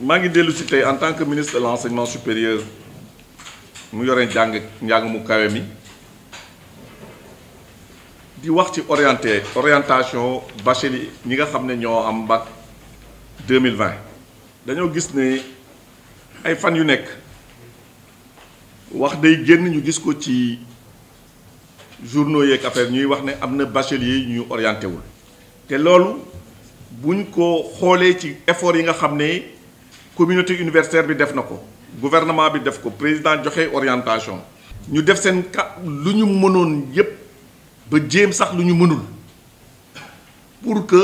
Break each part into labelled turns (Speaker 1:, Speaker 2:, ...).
Speaker 1: Mangi ngi dellu si en tant que ministre de l'enseignement supérieur mu yore njàng njàng mu kawe mi di wax ci orienté orientation bachelier ñi nga xam ne ñoo am bac 2020 dañoo gis ne ay fan yu nekk wax day génn ñu gis ko ci journaux yeeg affaire ñuy wax ne am bachelier ñu orienté wul te loolu buñ ko xoolee ci effort yi nga xam ne communauté universitaire bi def gouvernement bi def ko président joxe orientation ñu def sen luñu mënon yépp ba jéem sax luñu mënul pour que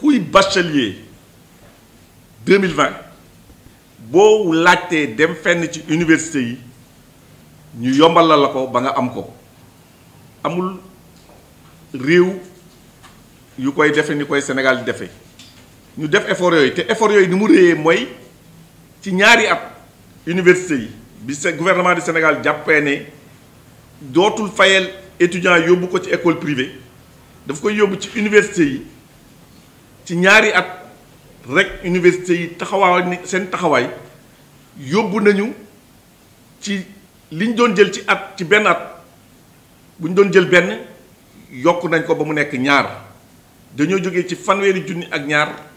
Speaker 1: kuy bachelier 2020 boo laté dem fenn ci université yi ñu yombal la lako ba nga am ko amul réew yu koy defe ni koy Sénégal di ñu def effort yooyu te effort yooyu ni mu réyee mooy ci ñaari at université yi bi se gouvernement du Sénégal jàppee ne dootul fayal étudiant yóbbu ko ci école privée daf koy yóbbu ci université yi ci ñaari at rekk université yi taxawaay seen taxawaay yóbbu nañu ci li ñu doon jël ci at ci benn at bu ñu doon jël benn yokk nañ ko ba mu nekk ñaar dañoo jógee ci fanweeri junni ak ñaar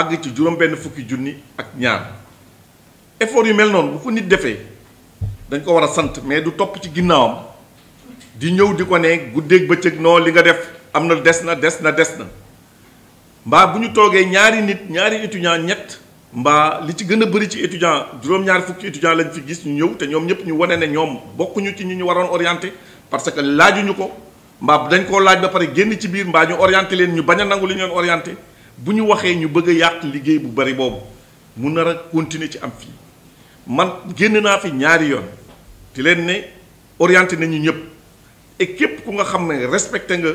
Speaker 1: àgg ci juróom-benn fukki junni ak ñaar effort yu mel noonu bu ko nit defee dañ ko war a sant mais du topp ci ginnaawam di ñëw di ko ne guddeeg bëccëg noo li nga def am na des na des na des na mbaa bu ñu toogee ñaari nit ñaari étudiant ñett mbaa li ci gën a bëri ci étudiant juróom-ñaari fukki étudiant lañ fi gis ñu ñëw te ñoom ñëpp ñu wane ne ñoom bokkuñu ci ñu ñu waroon orienté parce que laajuñu ko mbaa dañ ko laaj ba pare génn ci biir mbaa ñu leen ñu bañ a nangu li ñu leen bu ñu waxee ñu bëgg a yàq liggéey bu bari boobu mu nar a continuer ci am fii man génn naa fi ñaari yoon di leen ne orienté nañu ñëpp et képp ku nga xam ne respecté nga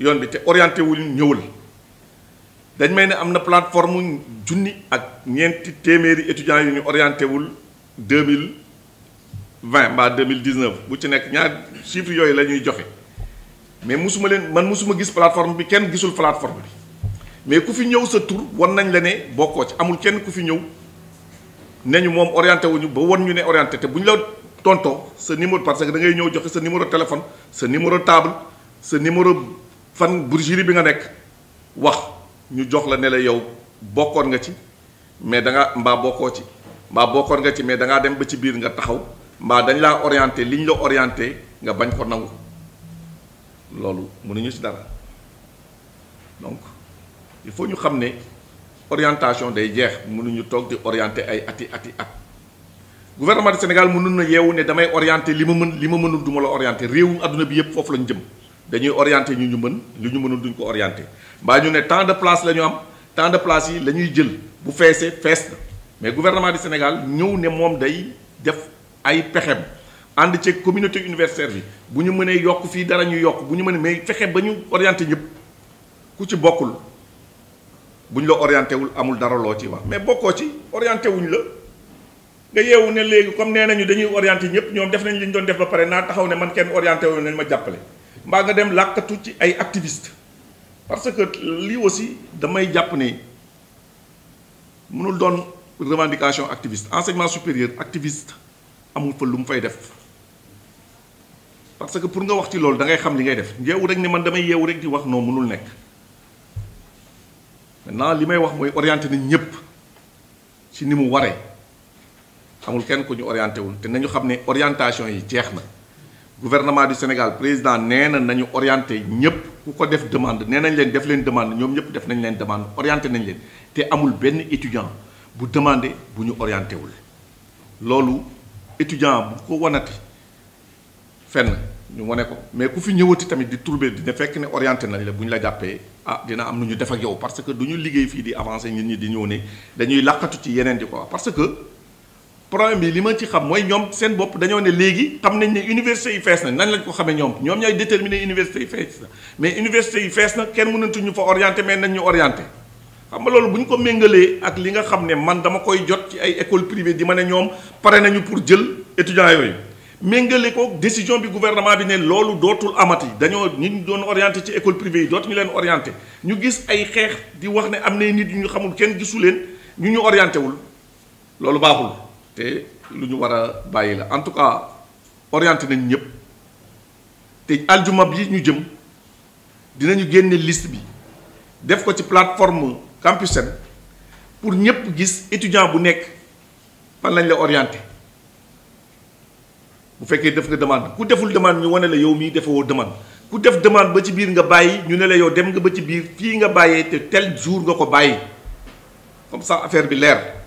Speaker 1: yoon bi te orienté wul ñëwul dañ may ne am na plateforme junni ak ñeenti téeméeri étudiants yu ñu orienté wul deux mille vingt mbaa deux mille dix-neuf bu ci nekk ñaar chiffres yooyu la ñuy joxe. mais musuma leen man musuma gis plateforme bi kenn gisul plateforme bi mais ku fi ñëw sa tour won nañ la ci amul kenn ku fi ñëw nañu moom orienté wuñu ba won ñu ne orienté te buñ la tonto sa numéro parce que da ngay ñëw joxe sa numéro téléphone sa numéro table sa numéro fan bourgerie bi nga nekk wax ñu jox la ne la yow bokkoon nga ci mais da nga mbaa bokkoo ci mbaa bokkoon nga ci mais da ngaa dem ba ci biir nga taxaw mbaa dañ laa orienté liñ la orienté nga bañ ko loolu mënuñu si dara donc il faut ñu xam ne orientation day jeex mënuñu toog di orienter ay ati ati at gouvernement du Sénégal mënul na yeewu ne damay orienter li ma mën li ma mënul du ma la orienter réewu àdduna bi yëpp foofu lañ jëm dañuy orienter ñu ñu mën li ñu mënul duñ ko orienter mbaa ñu ne tant de place la ñu am tant de place yi la ñuy jël bu feesee fees na mais gouvernement du Sénégal ñëw ne moom day def ay pexem ànd ceeg communauté universitaire bi bu ñu mënee yokk fii dara ñu yokk bu ñu mënee may fexe ba ñu orienté ñëpp ku ci bokkul buñ la orienté wul amul dara loo ci wax mais bokkoo ci orienté wuñ la nga yeewu ne léegi comme nee nañu dañuy orienté ñëpp ñoom def nañ li doon def ba pare naa taxaw ne man kenn orienté wu nañ ma jàppale. mbaa nga dem làkkatu ci ay activist parce que lii aussi damay jàpp ne mënul doon revendication activiste enseignement supérieur activiste amul fa lu fay def. parce que pour nga wax ci loolu dangay ngay xam li ngay def yeewu rek ne man damay yeewu rek di wax non mënul nekk maintenant li may wax mooy orienté nañ ñëpp ci ni mu waree amul kenn ko ñu orienté wul te nañu xam ne orientation yi jeex na gouvernement du Sénégal président nee na nañu orienté ñëpp ku ko def demande nee nañ leen def leen demande ñoom ñëpp def nañ leen demande orienté nañ leen te amul benn étudiant bu demandé bu ñu orienté wul loolu étudiant bu ko wanati fenn ñu wane ko mais ku fi ñëwati tamit di trouble dina fekk ne orienté nañ la bu ñu la jàppee ah dina am lu ñu def ak yow parce que du ñu liggéey fii di avancé nit ñi di ñëw ne dañuy laqatu ci yeneen di ko parce que problème bi li ma ci xam mooy ñoom seen bopp dañoo ne léegi xam nañ ne université yi fees na nañ lañ ko xamee ñoom ñoom ñooy déterminer université yi fees na mais université yi fees na kenn ñu fa orienté mais nañ ñu orienté xam nga loolu bu ñu ko méngalee ak li nga xam ne man dama koy jot ci ay école privée di ma ne ñoom pare nañu pour jël étudiants yooyu méngale ko décision bi gouvernement bi ne loolu dootul amati dañoo ñi ñu doon orienté ci école privée yi dootuñu leen oriente ñu gis ay xeex di wax ne am na nit ñu xamul kenn gisu leen ñu ñu orienté wul loolu baaxul te lu ñu war a bàyyi la en tout cas orienté nañ ñëpp te aljuma bi ñu jëm dinañu génne liste bi def ko ci plateforme Campusen pour ñëpp gis étudiant bu nekk fan lañ la orienté. bu fekkee def nga demande ku deful demande ñu wane la yow mii defewoo demande ku def demande ba ci biir nga bàyyi ñu ne la yow dem nga ba ci biir fii nga bàyyee te tel jour nga ko bàyyi comme sax affaire bi leer